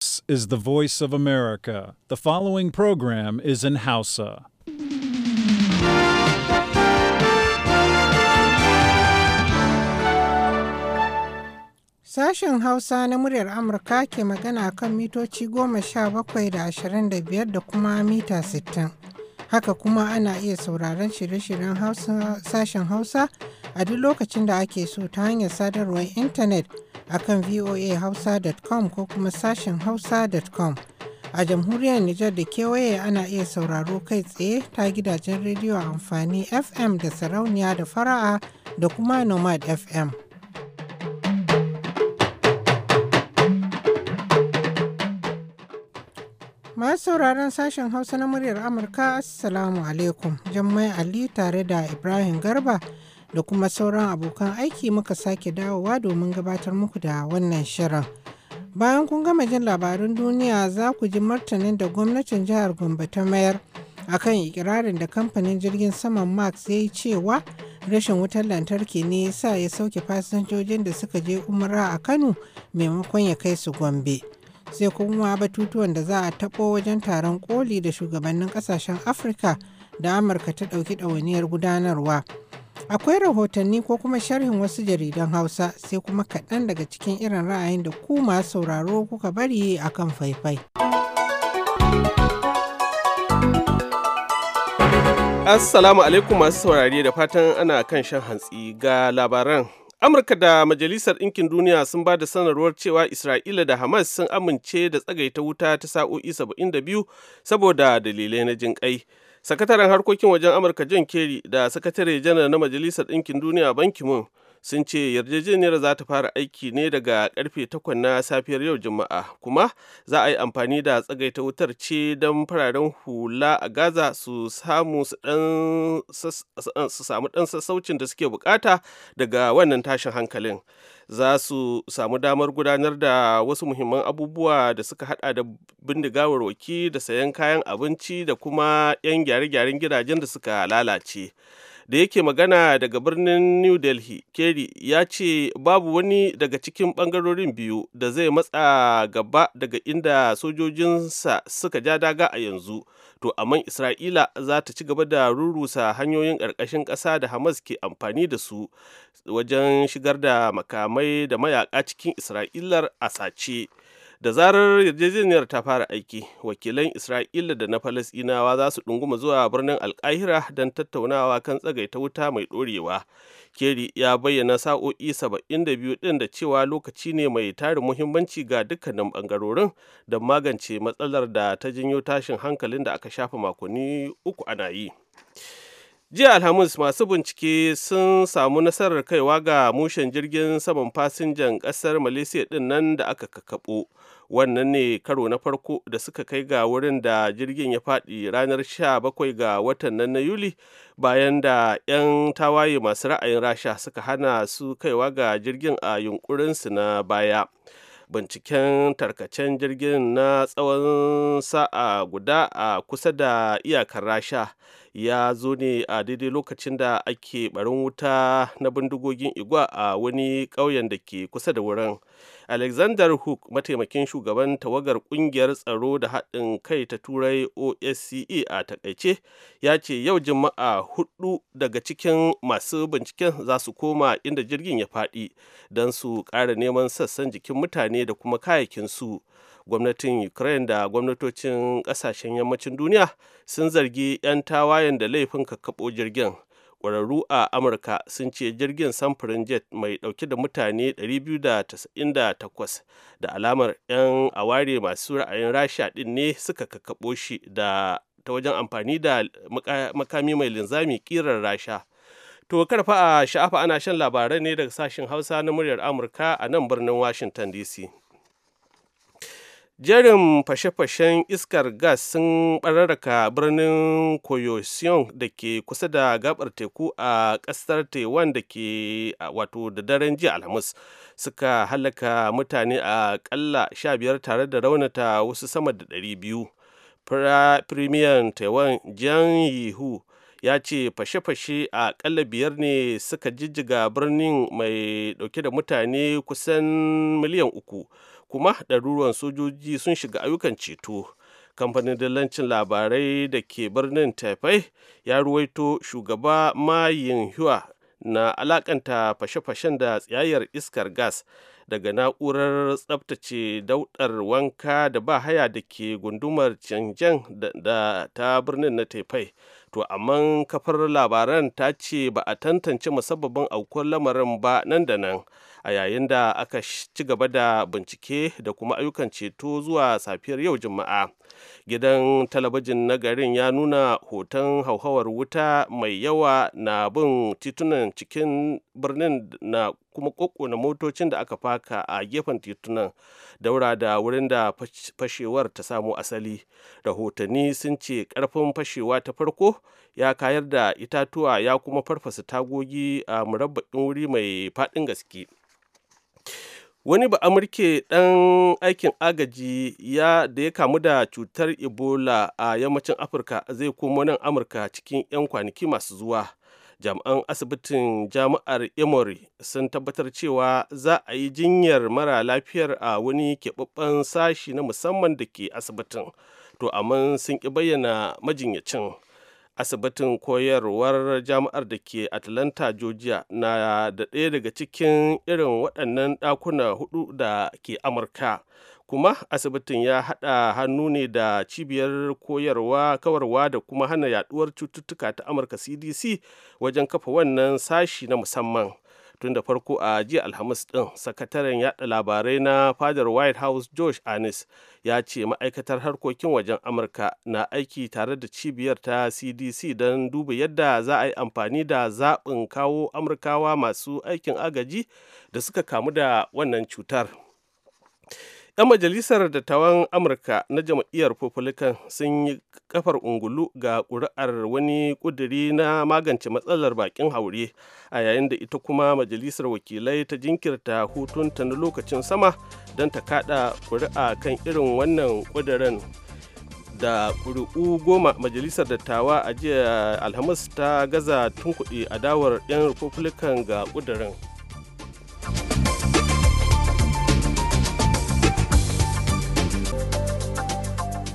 This is the voice of America. The following program is in Hausa. Sashen Hausa na muryar Amurka ke magana kan mitoci goma sha bakwai da ashirin da biyar da kuma mita sittin. Haka kuma ana iya sauraron shirye-shiryen sashen Hausa a duk lokacin da ake so ta hanyar sadarwar intanet a kan voahausa.com ko kuma sashen hausa.com. A jamhuriyar Nijar da kewaye ana iya sauraro kai tsaye ta gidajen rediyo amfani FM da sarauniya da fara'a da kuma Nomad FM. Masu sauraron sashen Hausa na muryar Amurka, Assalamu alaikum. Jummai Ali tare da Ibrahim Garba da kuma sauran abokan aiki muka sake dawowa domin gabatar muku da wannan shirin. Bayan kun gama jin labarin duniya za ku ji martanin da gwamnatin jihar Gombe ta mayar kan ikirarin da kamfanin jirgin saman Max ya yi cewa rashin wutar lantarki ne sa ya sauke fasinjojin da suka je umara a Kano maimakon ya kai su Gombe. sai kuma batutuwan da za a taɓo wajen taron koli da shugabannin ƙasashen afirka da amurka ta ɗauki ɗawainiyar gudanarwa akwai rahotanni ko kuma sharhin wasu jaridan hausa sai kuma kaɗan daga cikin irin ra'ayin da ku masu sauraro kuka bari akan faifai assalamu alaikum masu saurari da fatan ana kan shan hantsi ga labaran Amurka da Majalisar Ɗinkin Duniya sun ba da sanarwar cewa Isra'ila da Hamas sun amince da tsagaita wuta ta sa'o'i 72 saboda dalilai na jinƙai. Sakataren harkokin wajen Amurka John Kerry da Sakatare janar na Majalisar Ɗinkin Duniya Ban ki sun ce yarjejeniyar za ta fara aiki ne daga karfe takwas na safiyar yau juma'a kuma za a yi amfani da tsagaita wutar ce don fararen hula a gaza su samu dan sassaucin da suke bukata daga wannan tashin hankalin za su samu damar gudanar da wasu muhimman abubuwa da suka hada da bindigawar waki da sayan kayan abinci da kuma 'yan gyare-gyaren gidajen da suka lalace. da yake magana daga birnin new delhi kerry ya ce babu wani daga cikin bangarorin biyu da zai matsa gaba daga inda sojojinsa suka ja daga a yanzu to amma isra'ila za ta ci gaba da rurusa hanyoyin ƙarƙashin ƙasa da hamas ke amfani da su wajen shigar da makamai da mayaƙa cikin isra'ilar a sace da zarar yarjejeniyar ta fara aiki wakilan isra'ila da na falasinawa za su ɗunguma zuwa birnin alkahira don tattaunawa kan tsagaita wuta mai ɗorewa keri ya bayyana sa'o'i 72 ɗin da cewa lokaci ne mai tarin muhimmanci ga dukkanin bangarorin da magance matsalar da ta janyo tashin hankalin da aka shafa makonni uku ana yi jiya alhamis masu bincike sun samu nasarar kaiwa ga mushen jirgin saman fasinjan kasar malaysia din nan da aka kakabo wannan ne karo na farko da suka kai ga wurin da jirgin ya fadi ranar 17 ga watan nan na yuli bayan da 'yan tawaye masu ra'ayin rasha suka hana su kaiwa ga jirgin a yunkurinsu na baya binciken tarkacen jirgin na tsawon sa'a guda a kusa da iyakar rasha ya zo ne a daidai lokacin da ake barin wuta na bindigogin igwa a wani ƙauyen da ke kusa da wurin alexander hook mataimakin shugaban tawagar ƙungiyar tsaro da haɗin kai ta turai osce a takaice ya ce yau juma'a hudu daga cikin masu binciken za su koma inda jirgin ya faɗi don su ƙara neman sassan jikin mutane da kuma kayakinsu su gwamnatin ukraine da gwamnatocin ƙasashen yammacin duniya sun zargi 'yan tawayen da laifin kakkaɓo jirgin ƙwararru a amurka sun ce jirgin samfurin jet mai ɗauke da mutane 298 da alamar 'yan aware masu ra'ayin rasha ɗin ne suka kakkaɓo shi da ta wajen amfani da makami mai linzami ƙirar rasha to karfa a sha'afa ana shan labarai ne daga sashen hausa na muryar amurka a nan birnin washington dc jerin fashe-fashen iskar gas sun bararraka birnin koyosion da ke kusa da gabar teku a kasar taiwan da ke wato da daren jiya alhamis suka halaka mutane a kalla 15 tare da raunata wasu sama da biyu. premier taiwan jiang yihu ya ce fashe-fashe a kalla biyar ne suka jijjiga birnin mai dauke da mutane kusan miliyan uku kuma ɗaruruwan sojoji sun shiga ayyukan ceto kamfanin dillancin labarai da ke birnin taifai ya ruwaito shugaba mayin hua na alakanta fashe-fashen da tsayayyar iskar gas daga na'urar tsabtace daudar wanka da ba haya da ke gundumar canjan da ta birnin na taifai to amma kafar labaran ta ce ba a tantance musabbabin aukuwar lamarin ba nan da nan a yayin da aka ci gaba da bincike da kuma ayyukan ceto zuwa safiyar yau juma'a gidan talabijin na garin ya nuna hoton hauhawar wuta mai yawa na bin titunan cikin birnin na kuma na motocin da aka faka a gefen titunan daura da wurin da fashewar ta samu asali rahotanni sun ce karfin fashewa ta farko ya kayar da itatuwa ya kuma farfasa tagogi a murabba'in wuri mai faɗin gaske wani ba amurke ɗan aikin agaji ya da ya kamu da cutar ebola a yammacin afirka zai komo nan amurka cikin 'yan kwanaki masu zuwa jami'an asibitin jami'ar emory sun tabbatar cewa za a yi jinyar mara lafiyar a wani keɓaɓɓen sashi na musamman da ke asibitin to amma sun ƙi bayyana majinyacin asibitin koyarwar jami'ar da ke atlanta georgia na da ɗaya daga cikin irin waɗannan ɗakuna hudu da ke amurka kuma asibitin ya haɗa hannu ne da cibiyar koyarwa kawarwa da kuma hana yaduwar cututtuka ta amurka cdc wajen kafa wannan sashi na musamman tun da farko a jiya alhamis din sakataren yada labarai na fadar white house josh anis ya ce ma'aikatar harkokin wajen amurka na aiki tare da cibiyar ta cdc don duba yadda za a yi amfani da zaɓin kawo amurkawa masu aikin agaji da suka kamu da wannan cutar. 'Yan majalisar dattawan Amurka na jam'iyyar Republican sun yi kafar ungulu ga ƙuri'ar wani ƙuduri na magance matsalar bakin haure a yayin da ita kuma majalisar wakilai ta jinkirta hutunta na lokacin sama don ta kada ƙuri'a kan irin wannan ƙudurin. da ƙuri'u goma majalisar dattawa a jiya alhamis ta gaza tunkuɗe adawar 'yan republican ga ƙudurin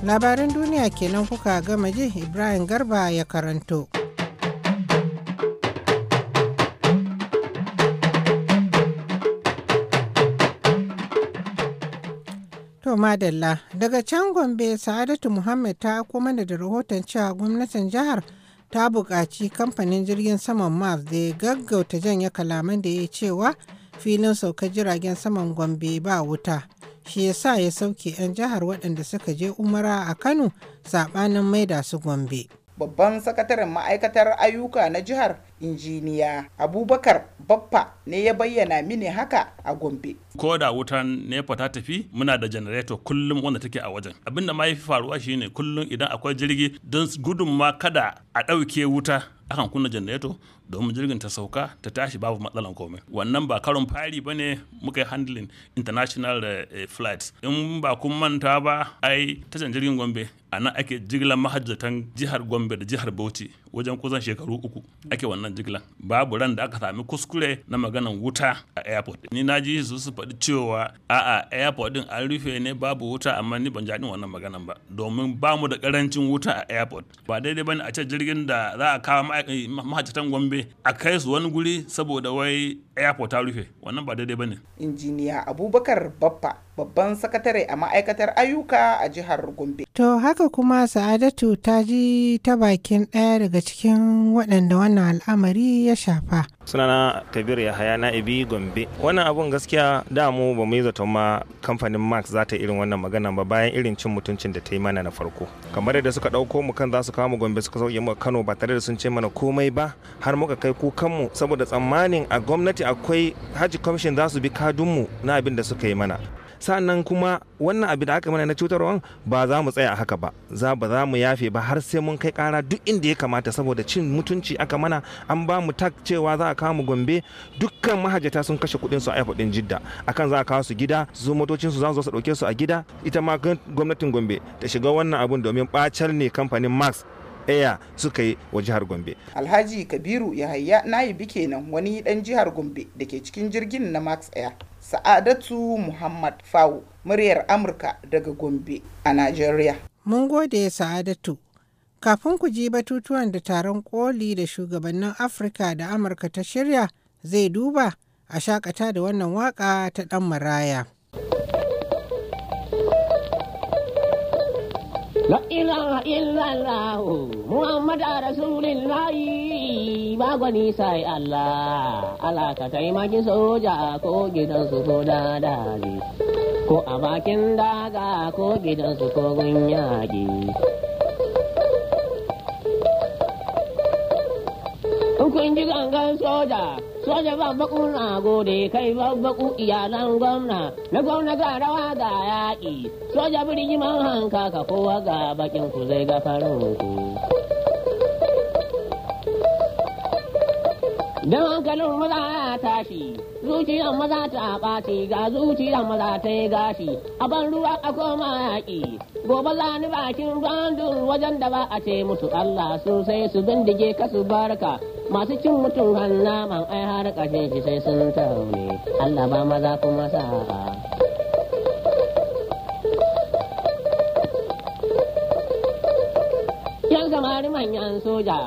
labaran duniya kenan kuka gama ji ibrahim garba ya karanto to madalla daga can gombe sa'adatu muhammad ta kuma da rahoton cewa gwamnatin jihar ta buƙaci kamfanin jirgin saman mars da ya gaggauta janye kalaman da ya cewa filin saukar jiragen saman gombe ba wuta shi ya sa ya sauke 'yan jihar waɗanda suka je umara a kano saɓanin maida su gombe babban sakataren ma'aikatar ayyuka na jihar injiniya abubakar baffa ne ya bayyana mini haka a gombe ko da wutan nepa ta tafi muna da janareto kullum wanda take a wajen abinda ma yafi faruwa shine kullum idan akwai jirgi don gudun ma kada a ɗauke wuta akan kunna janareto domin jirgin ta sauka ta tashi babu matsalan komai wannan ba karon fari ba ne muka yi handling international eh, flights in ba kun manta ba ai tashar jirgin gombe a nan ake jigilar mahajjatan jihar gombe da jihar bauchi wajen kusan shekaru uku ake wannan jigilan babu ran da aka sami kuskure na maganan wuta a airport ni na ji su su faɗi cewa 'a airport din an rufe ne babu wuta amma ni ban jaɗin wannan maganan ba domin ba mu da karancin wuta a airport ba daidai bane a ce jirgin da za a kawo mahajjatan gombe a kai su wani guri saboda wai airport ta rufe wannan ba daidai bane injiniya abubakar babba babban sakatare a ma'aikatar ayyuka a jihar gombe to haka kuma sa'adatu ta ji ta bakin ɗaya daga cikin waɗanda wannan al'amari ya shafa. sunana kabir yahaya Ibi gombe wannan abun gaskiya da mu ba mu yi zaton ma kamfanin max za ta irin wannan magana ba bayan irin cin mutuncin da ta yi mana na farko kamar yadda suka ɗauko mu kan za su kawo mu gombe suka sauke mu kano ba tare da sun ce mana komai ba har muka kai kukanmu saboda tsammanin a gwamnati akwai haji kwamishin za su bi kadun mu na abin da suka yi mana sannan kuma wannan abin da aka mana na cutarwan ba za mu tsaya haka ba za ba za mu yafe ba har sai mun kai kara duk inda ya kamata saboda cin mutunci aka mana an ba mu tak cewa za a kawo mu gombe dukkan Mahajata sun kashe kuɗin su a din jidda akan za a kawo su gida su motocin su za su zo su su a gida ita ma gwamnatin gombe ta shiga wannan abun domin bacal ne kamfanin max Ɗaya suka yi wa jihar gombe alhaji kabiru yahaya bike nan wani dan jihar gombe da ke cikin jirgin na max air sa'adatu muhammad fawo muryar amurka daga gombe a nigeria mun gode sa'adatu kafin ku ji batutuwan da taron koli da shugabannin afirka da amurka ta shirya zai duba a shakata da wannan waka ta dan maraya. La ilaha illallah Muhammad Rasulullah ba gwani Allah Allah ka taimaki soja ko su ko dadari ko a bakin daga ko su ko gun kun ji gangan soja soja ba baku na gode kai ba baku iyalan gwamna na gwamna ga rawa ga yaƙi soja birni man hanka ka kowa ga bakin ku zai ga farin ku Da hankalin maza ya tashi zuciyar maza ta ɓaci ga zuciyar maza ta yi gashi a ban ruwa a koma yaƙi gobe za ni bakin bandun wajen da ba a ce musu Allah sai su bindige ka su barka masu cin mutum hanna man ai har ƙashin shi sai sun taune Allah ba maza kuma sa. yan samari manyan soja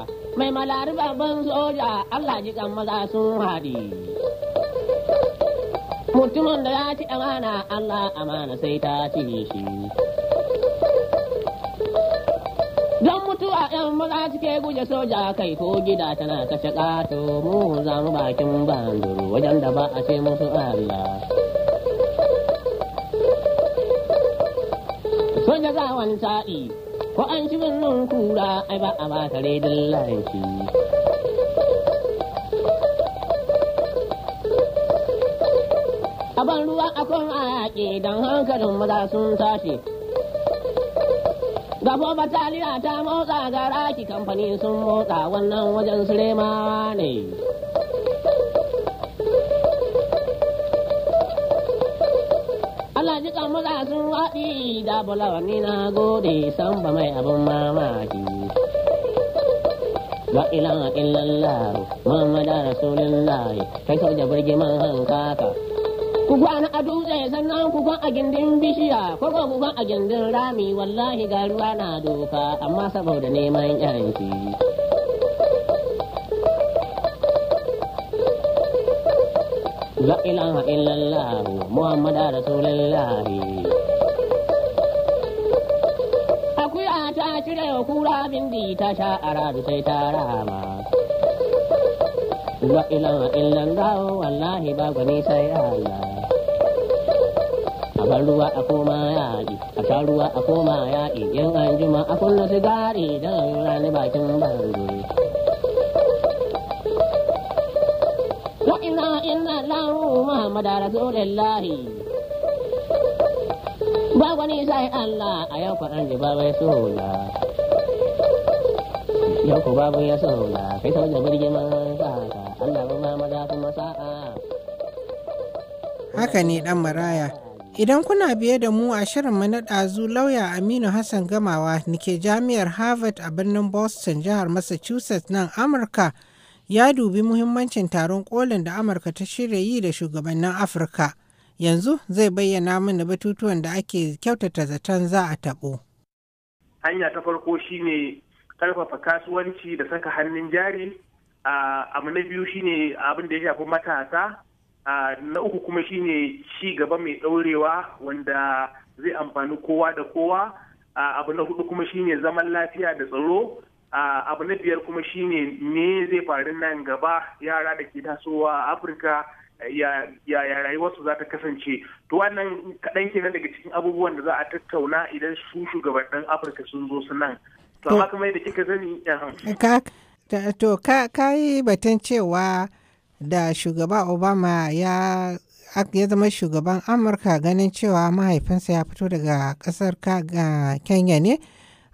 mai malari babban soja Allah ji kan maza sun haɗi mutumin da ya ci amana Allah amana sai ta ci shi 'yan maza suke guje soja kai ko gida tana kashe kato mu za mu bakin banduru wajen da ba a ce musu Allah. Soja za wani sa'i ko an ci nun kura ai ba a ba ta dillanci. A ban ruwa akwai a yaƙi don hankalin maza sun tashi Gabo bataliya ta motsa ga raki kamfani sun motsa wannan wajen Sulema ne. Allah ji maza sun waɗi da bulawani na gode san ba mai abin mamaki. La ilaha illallah Muhammadu Rasulullah kai sau da birgiman hankaka ku kwana a dutse sannan ku kwan a gindin bishiya ko ku a gindin rami wallahi ga ruwa na doka amma saboda neman yanci la ilaha illallah muhammadu rasulullah akuya ta cire wa kura bindi ta sha aradu sai ta rama la ilaha illallah wallahi ba gwani sai Allah shan ruwa a koma yaƙi a sha ruwa a koma yaƙi yin an jima a kullum sigari don rani bakin banzu wa ina ina lahu muhammad rasulillahi ba wani sai allah a yau kwanan ji ba bai sola yau ku babu ya sola kai sau da birgiman sa'aka allah ba ma maza kuma sa'a haka ne dan maraya Idan kuna biye da mu a shirinmu na ɗazu lauya Aminu Hassan Gamawa nike jami'ar Harvard a birnin Boston jihar Massachusetts nan Amurka ya dubi muhimmancin taron kolin da Amurka ta shirya yi da shugabannin Afirka. Yanzu zai bayyana mana batutuwan da ake kyautata zaton za a taɓo. Hanya ta farko shine karfafa kasuwanci da saka hannun jari. abu na biyu shine abin da ya shafi matasa na uku kuma shine ci gaba mai ɗaurewa wanda zai amfani kowa da kowa abu na hudu kuma shine zaman lafiya da tsaro abu na biyar kuma shine ne zai faru nan gaba yara da ke tasowa a afirka ya rayuwarsu za ta kasance to wannan kaɗan kenan daga cikin abubuwan da za a tattauna idan su shugabannin afirka sun zo su nan to amma kamar yadda kika sani eh. to ka yi batun cewa da shugaba obama ya ya zama shugaban amurka ganin cewa mahaifinsa ya fito daga kasar kenya ne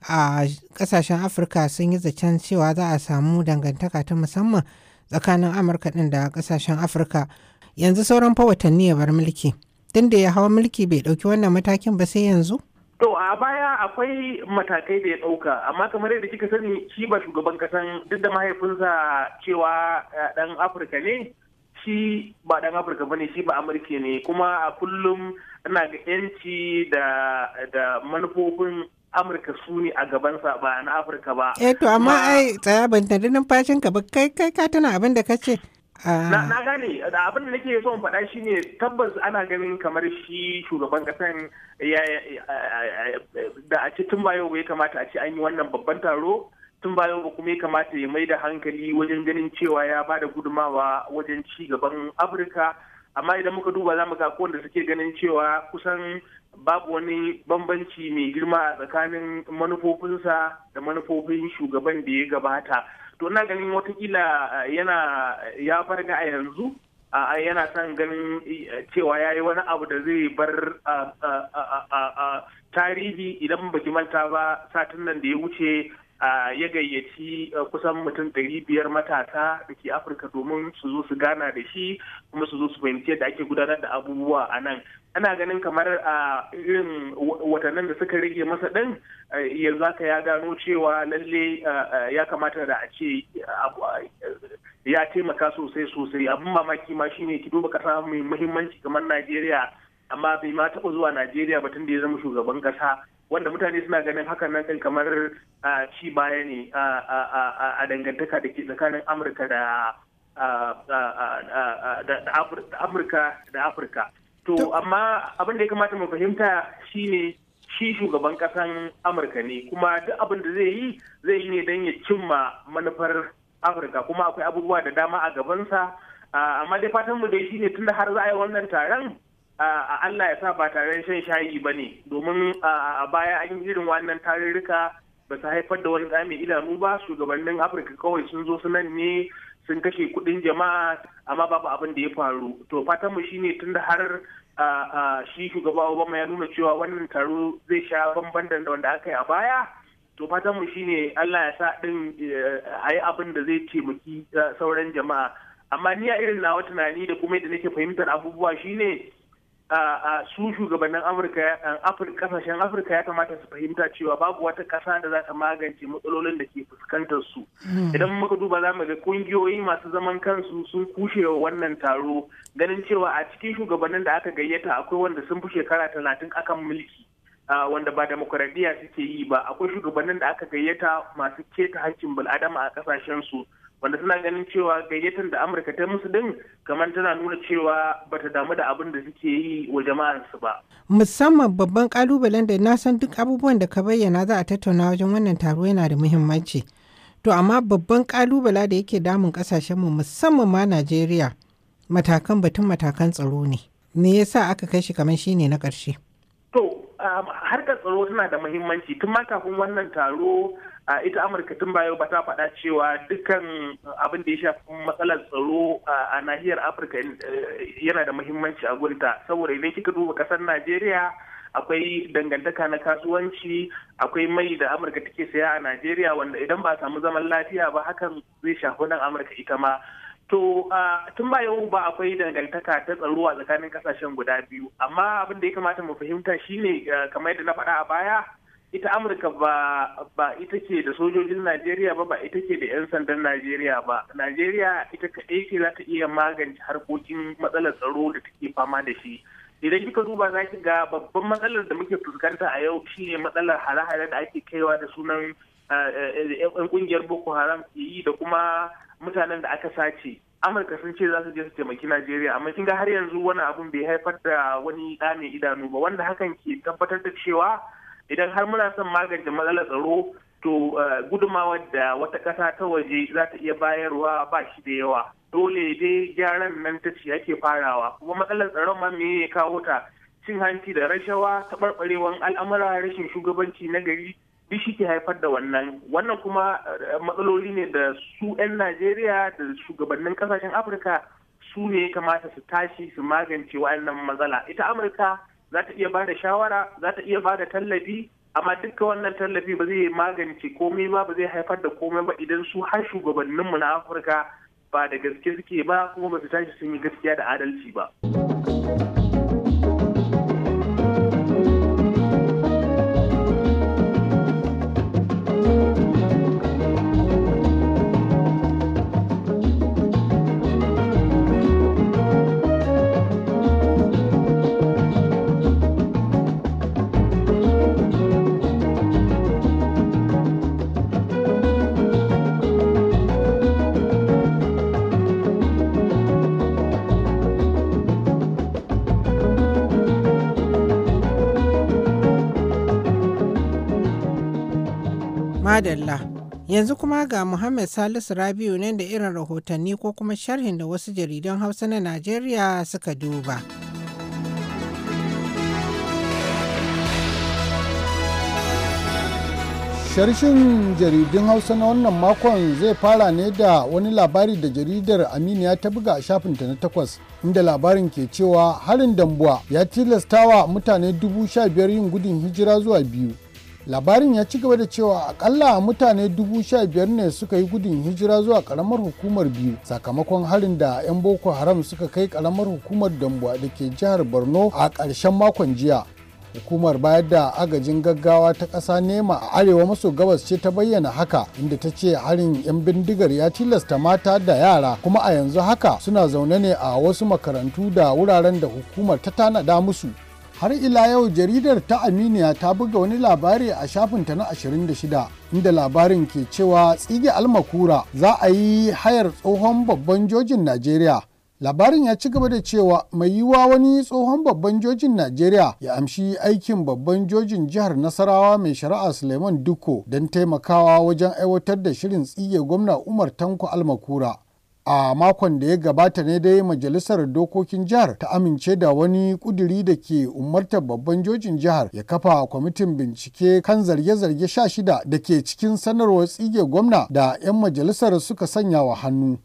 a kasashen afirka sun yi zaton cewa za a samu dangantaka ta musamman tsakanin amurka din da kasashen afirka yanzu sauran fa watanni ya bar mulki tun da ya hawa mulki bai dauki wannan matakin ba sai yanzu To a baya akwai matakai da ya dauka amma kamar yadda kika sani shi ba shugaban kasan duk da mahaifinsa cewa dan eh, Afirka ne, shi ba dan Afirka bane shi ba Amurka ne, kuma a kullum ana ga ‘yanci da manufofin Amurka su ne a gabansa ba na Afirka ba. Eh to amma ai tsaya ban tare numfashinka ba kai kai ka tana abin da kace ce. Ah. na gane da abin da nake so faɗa shine tabbas ana ganin kamar shi shugaban ƙasan da a ce tun bayo ya kamata a ce an yi wannan babban taro tun bayo ba kuma ya kamata ya mai da hankali wajen ganin cewa ya ba da gudumawa wajen ci gaban afirka amma idan muka duba za mu ga wanda suke ganin cewa kusan babu wani bambanci mai girma tsakanin manufofinsa da manufofin shugaban da ya gabata to ina ganin watakila eh, yana eh, ya farga a yanzu ah, yana san ganin eh, cewa ya yi wani abu da zai bar ah, ah, tarihi idan baki manta ba satin nan da ya wuce ya gayyaci uh, kusan mutum ɗari biyar matasa da ke afirka domin su zo su gana da shi kuma su zo su fahimci yadda ake gudanar da abubuwa a nan ana ganin kamar a uh, irin watannin da suka rage masa ɗin uh, yanzu haka ya gano cewa lalle ya kamata da a ce ya taimaka sosai sosai abin mamaki ma shine ki duba kasa mai muhimmanci kamar najeriya amma bai ma taɓa zuwa najeriya ba tun da ya zama shugaban kasa wanda mutane suna ganin hakan na kan kamar ci baya ne a dangantaka da ke tsakanin amurka da Afirka da afirka to amma abin da ya kamata mu fahimta shine shi shugaban ƙasan amurka ne kuma duk abin da zai yi zai yi ne don ya cimma manufar afirka kuma akwai abubuwa da dama a gabansa amma dai fatan mu dai tun da har za a yi wannan taron A Allah ya sa ba tare shan shayi ba ne domin a baya an yi irin wannan tarurruka ba su haifar da wani mai idanu ba shugabannin afirka kawai sun zo su nan ne sun kashe kudin jama'a amma babu abin da ya faru to fatan mu shine da har shi shugaba obama ya nuna cewa wannan taro zai sha bamban da wanda aka yi a baya to fatan mu shine Allah ya sa din eh, ayi abin da zai taimaki eh, sauran jama'a amma ni a irin nawa tunani da kuma yadda nake fahimtar abubuwa shine su shugabannin Amurka eh, kasashen Afirka ya kamata su fahimta cewa babu wata kasa da za ta magance matsalolin da ke fuskantar su. Hmm. Idan muka duba za mu ga kungiyoyi masu zaman kansu sun kushe wa wannan taro ganin cewa a cikin shugabannin da aka gayyata akwai wanda sun fi shekara talatin akan mulki. wanda ba demokuraɗiyya suke yi ba akwai shugabannin da aka gayyata masu keta hancin bil'adama a kasashen su wanda suna ganin cewa gayyatar da amurka ta musu din kamar tana nuna cewa ba ta damu da abin da suke yi wa jama'arsu ba musamman babban kalubalen da na san duk abubuwan da ka bayyana za a tattauna wajen wannan taro yana da muhimmanci to amma babban kalubala da yake damun kasashen mu musamman ma najeriya matakan batun matakan tsaro ne me yasa aka kai shi kamar shine na ƙarshe to um, harkar tsaro tana da muhimmanci tun ma kafin wannan taro a ita amurka tun bayo ba ta faɗa cewa dukkan abin da ya shafi matsalar tsaro a nahiyar afirka eh, yana da muhimmanci a gurita saboda idan kika duba kasar najeriya akwai dangantaka na kasuwanci akwai mai da amurka take saya a najeriya wanda idan ba samu zaman lafiya ba hakan zai shafi nan amurka ita ma to tun ba yau ba akwai dangantaka ta tsaro a tsakanin kasashen guda biyu amma abin da ya kamata mu fahimta shine eh, kamar yadda na faɗa a baya ita amurka ba ba ita ke da sojojin najeriya ba ba ita ke da 'yan sandan najeriya ba najeriya ita kaɗai ce za ta iya magance harkokin matsalar tsaro da take fama da shi idan kika duba za ki ga babban matsalar da muke fuskanta a yau shine matsalar hare-hare da ake kaiwa da sunan 'yan eh, kungiyar eh, boko haram yi da kuma mutanen da aka sace amurka sun ce za su je su taimaki najeriya amma kin ga har yanzu wani abun bai haifar da wani ɗa idanu ba wanda hakan ke tabbatar da cewa idan har muna son magance matsalar tsaro to eh, gudumawar da wata ƙasa ta waje za ta iya bayarwa ba shi da yawa dole dai gyaran nan ta ce ake farawa kuma matsalar tsaro ma me ya kawo ta cin hanci da rashawa taɓarɓarewan al'amura rashin shugabanci na gari duk shi ke haifar da wannan wannan kuma eh, matsaloli ne da su 'yan najeriya da shugabannin kasashen afirka su ne kamata su tashi su magance wa'annan matsala ita amurka za ta iya bada shawara za ta iya bada tallafi amma duka wannan tallafi ba zai magance komai ba ba zai haifar da komai ba idan su har shugabanninmu na afirka ba da gaske suke ba kuma ba su tashi sun yi gaskiya da adalci ba. Madalla. Yanzu kuma ga Muhammad Salisu Rabiu nan da irin rahotanni ko kuma sharhin da wasu jaridan Hausa na Najeriya suka duba. Sharshin jaridun Hausa na wannan makon zai fara ne da wani labari da jaridar Aminiya ta buga a shafinta na takwas, inda labarin ke cewa harin dambuwa ya tilastawa mutane dubu sha biyar yin gudun hijira zuwa biyu. labarin ya ci gaba da cewa akalla mutane dubu sha biyar ne suka yi gudun hijira zuwa karamar hukumar biyu sakamakon harin da 'yan boko haram suka kai karamar hukumar dambuwa da ke jihar borno a ƙarshen makon jiya hukumar bayar da agajin gaggawa ta ƙasa nema a arewa maso gabas ce ta bayyana haka inda ta ce harin 'yan bindigar ya tilasta mata da yara kuma a yanzu haka suna zaune ne a wasu makarantu da wuraren da hukumar ta tanada musu har ila yau jaridar ta aminiya ta buga wani labari a shafinta na 26 inda labarin ke cewa tsige almakura za a yi hayar tsohon babban jojin najeriya labarin ya ci gaba da cewa mai yiwuwa wani tsohon babban jojin najeriya ya amshi aikin babban jojin jihar nasarawa mai shari'a suleiman duko don taimakawa wajen aiwatar da shirin tsige gwamna umar tanko almakura a makon da ya gabata ne dai majalisar dokokin jihar ta amince da wani kuduri da ke umartar babban jojin jihar ya kafa kwamitin bincike kan zarge-zarge sha shida da ke cikin sanarwar tsige gwamna da 'yan majalisar suka sanya wa hannu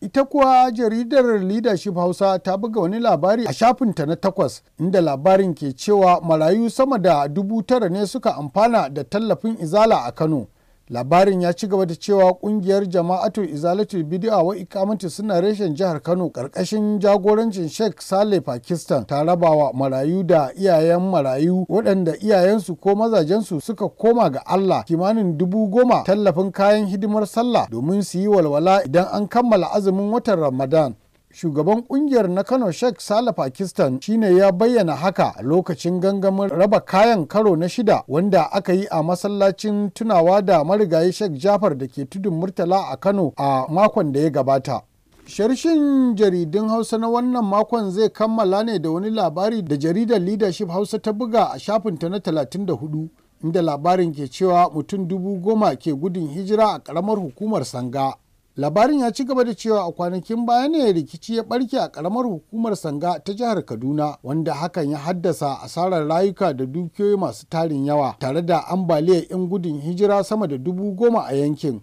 ita kuwa jaridar leadership hausa ta buga wani labari a shafinta na takwas inda labarin ke cewa marayu sama da dubu tara ne suka amfana da tallafin izala a kano labarin ya ci gaba da cewa kungiyar jama'atu izalatul bidi'a wa ikamati suna reshen jihar kano karkashin jagorancin sheikh saleh pakistan ta rabawa marayu da iyayen marayu waɗanda iyayensu ko mazajensu suka koma ga allah kimanin dubu goma tallafin kayan hidimar sallah domin su yi walwala idan an kammala azumin watan ramadan shugaban kungiyar na kano sheikh sala pakistan shine ya bayyana haka lokacin gangamin raba kayan karo na shida wanda aka yi a masallacin tunawa da marigayi sheikh jafar da ke tudun murtala a kano a makon da ya gabata Sharshin jaridun Hausa na wannan makon zai kammala ne da wani labari da jaridar Leadership Hausa ta buga a shafinta na 34 inda labarin ke cewa mutum dubu goma ke gudun hijira a karamar hukumar Sanga. labarin ya ci gaba da cewa a kwanakin baya ne rikici ya barke a karamar hukumar sanga ta jihar kaduna wanda hakan ya haddasa asarar rayuka da dukiyoyi masu tarin yawa tare da ambaliyar 'yan gudun hijira sama da dubu goma a yankin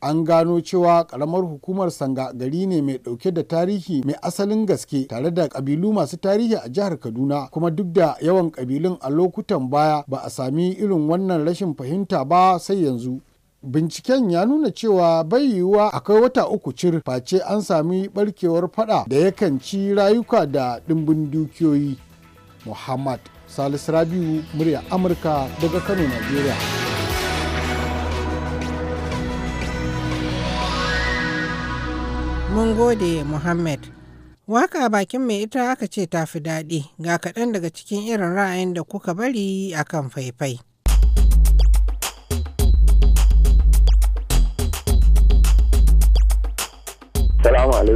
an gano cewa karamar hukumar sanga gari ne mai dauke da tarihi mai asalin gaske tare da kabilu masu tarihi a jihar kaduna kuma duk da yawan kabilun a lokutan baya ba a sami irin wannan rashin fahimta ba sai yanzu binciken ya nuna cewa bai yiwuwa akwai wata uku cir face an sami barkewar fada da yakan ci rayuka da ɗimbin dukiyoyi muhammad salisu rabiu murya amurka daga kano nigeria mun gode muhammad waka bakin mai ita aka ce ta fi daɗi ga kaɗan daga cikin irin ra'ayin da kuka bari akan faifai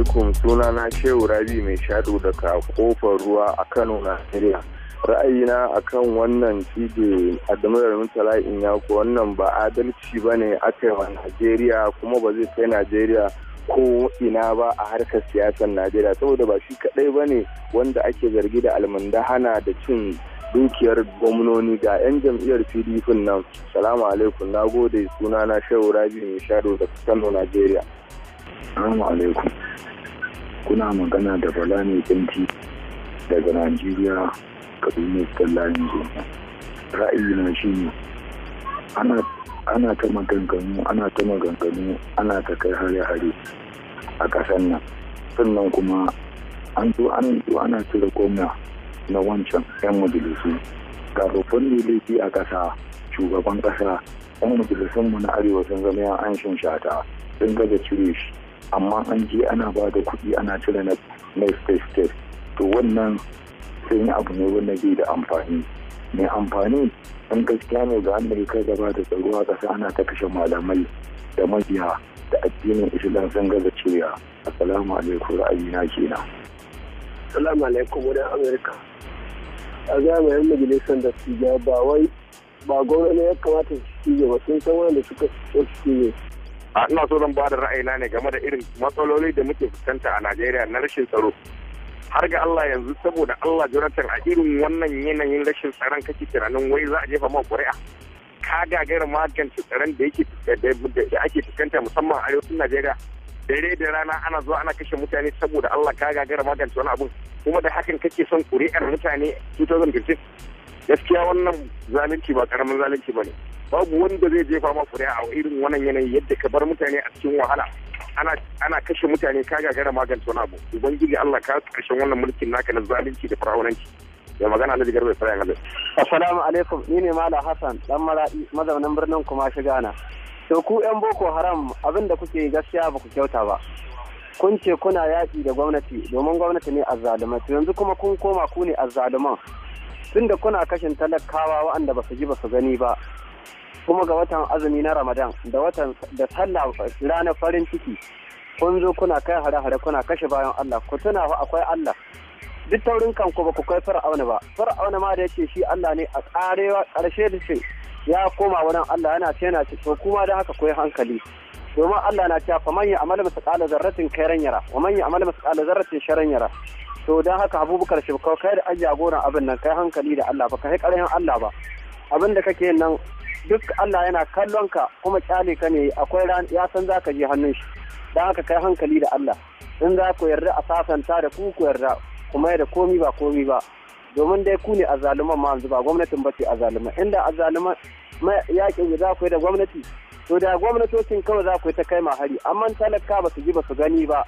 alaikum suna na shehu rabi mai shaɗu daga kofar ruwa a kano nigeria ra'ayina kan wannan cije admiral murtala inyako wannan ba adalci ba ne aka yi wa nigeria kuma ba zai kai nigeria ko ina ba a harkar siyasar nigeria saboda ba shi kadai ba ne wanda ake zargi da almandahana da cin dukiyar gwamnoni ga 'yan jam'iyyar pdp nan salamu alaikum na gode suna na shehu rabi mai shaɗu daga kano nigeria. Assalamu alaikum. Kuna magana da Bala ne Binti daga Najeriya Kaduna Tallahin Ra'ayi Ra'ayina shi ne, ana ta maganganu, ana ta maganganu, ana ta kai hare-hare a ƙasar nan. Sannan kuma an zo an zo ana cire gwamna na wancan 'yan majalisu. Ga babban laifi a ƙasa, shugaban ƙasa, 'yan majalisunmu na arewa sun zama yan an shata, sun gaza cire shi. amma an je ana ba da kuɗi ana cire na next step to wannan sai abu ne wanda zai da amfani mai amfani an gaskiya ne ga hannun kai gaba da tsaro a ƙasa ana ta kashe malamai da mabiya da addinin islam sun gaza cewa assalamu alaikum ra'ayina kenan assalamu alaikum wadan amurka a zamanin majalisar da su ba wai ba gwamnati ya kamata su ci ba sun san wanda suka so ne a ina so zan ba da ra'ayina ne game da irin matsaloli da muke fuskanta a najeriya na rashin tsaro har ga allah yanzu saboda allah jonathan a irin wannan yanayin rashin tsaron kake tunanin wai za a jefa ma ƙuri'a ka gagara magance tsaron da yake da ake fuskanta musamman a arewacin najeriya dare da rana ana zuwa ana kashe mutane saboda allah ka gagara magance wani abu kuma da hakan kake son ƙuri'ar mutane 2015 gaskiya wannan zalunci ba karamin zalunci ba ne babu wanda zai jefa ma fure a irin wannan yanayi yadda ka bar mutane a cikin wahala ana kashe mutane ka gagara magance wani abu ubangiji Allah ka karshen wannan mulkin naka na zalunci da fir'aunanci da magana na jigar bai fara yanzu assalamu alaikum ni ne mala Hassan dan maradi mazaunin birnin kuma shi gana to ku yan boko haram abin da kuke gaskiya ba ku kyauta ba kun ce kuna yaƙi da gwamnati domin gwamnati ne azzaluma to yanzu kuma kun koma ku ne azzaluman tun da kuna kashin talakawa waɗanda ba su ji ba su gani ba kuma ga watan azumi na ramadan da watan da sallah ranar farin ciki kun zo kuna kai hare-hare kuna kashe bayan allah ku tuna fa akwai allah duk taurin kanku ba ku kai fir'auna ba fir'auna ma da yake shi allah ne a karewa karshe da ce ya koma wurin allah yana ce yana ce to kuma da haka ku hankali domin allah na cewa fa manya amala masaqala zarratin khairan yara wa manya amala masaqala zarratin sharran yara so don haka abubakar shibkau kai da an jagoran abin nan kai hankali da Allah ba kai ƙarfin Allah ba abin da kake nan duk Allah yana kallon ka kuma kyale ka ne akwai ran ya san za ka je hannun shi don haka kai hankali da Allah in za ku yarda a sasanta da ku ku yarda kuma da komi ba komi ba domin dai ku ne azzaluman ma yanzu ba gwamnatin ba ce inda azzaluman yakin za ku yi da gwamnati to da gwamnatocin kawai za ku yi ta kai ma hari amma talaka ba su ji ba su gani ba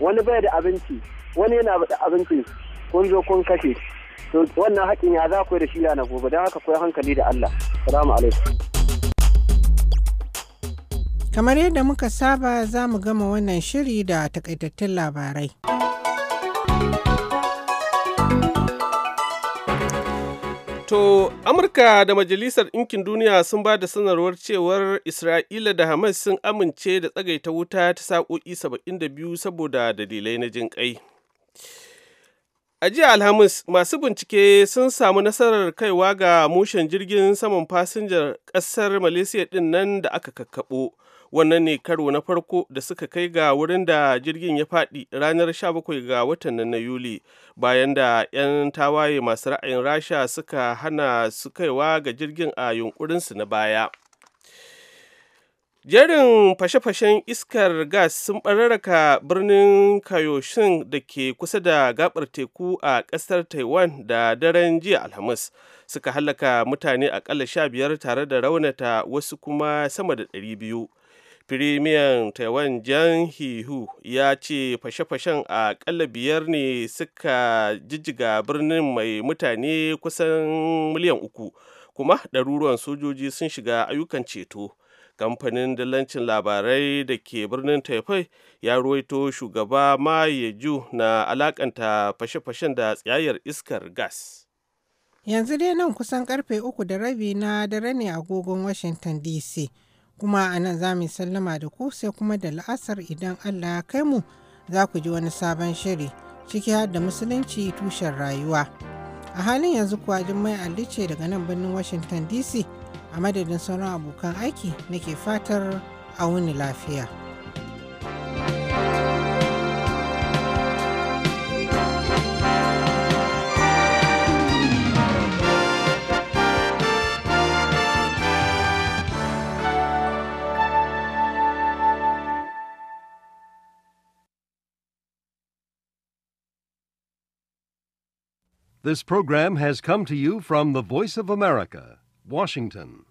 wani bai da abinci wani yana bada abinci kun zo kun kashe to wannan haƙin ya za ku da shi na gobe don haka koyi hankali da Allah salamu alaikum kamar yadda muka saba za mu gama wannan shiri da takaitattun labarai To, Amurka da Majalisar Ɗinkin Duniya sun ba da sanarwar cewar Isra'ila da Hamas sun amince da tsagaita wuta ta sa'o'i 72 saboda dalilai na jin ƙai. A jiya Alhamis, masu bincike sun samu nasarar kaiwa ga mushen jirgin saman fasinjar ƙasar Malaysia ɗin nan da aka kakkaɓo. Wannan ne karo na farko da suka kai ga wurin da jirgin ya faɗi ranar 17 ga watan nan na Yuli, bayan da 'yan tawaye masu ra'ayin Rasha suka hana su kaiwa ga jirgin a yunkurinsu na baya. jerin fashe-fashen iskar gas sun bararraka birnin kayoshin da ke kusa da gabar teku a kasar taiwan da daren jiya alhamis suka halaka mutane akalla sha biyar tare da raunata wasu kuma sama da ɗari biyu firimiyan taiwan jan hihu ya ce fashe-fashen akalla biyar ne suka jijjiga birnin mai mutane kusan miliyan uku kuma ɗaruruwan sojoji sun shiga ayyukan ceto kamfanin dalancin labarai da ke birnin taifai ya ruwaito shugaba ma yeju na alakanta fashe-fashen da tsayayyar iskar gas yanzu dai nan kusan karfe uku da rabi na dare ne agogon washington dc kuma a nan za mu sallama da ku sai kuma da la'asar idan allah ya kai mu za ku ji wani sabon shiri ciki har da musulunci tushen rayuwa a halin yanzu kuwa jin mai ce daga nan birnin washington dc a madadin sauran abokan aiki nake fatar a wuni lafiya. This program has come to you from the Voice of America, Washington.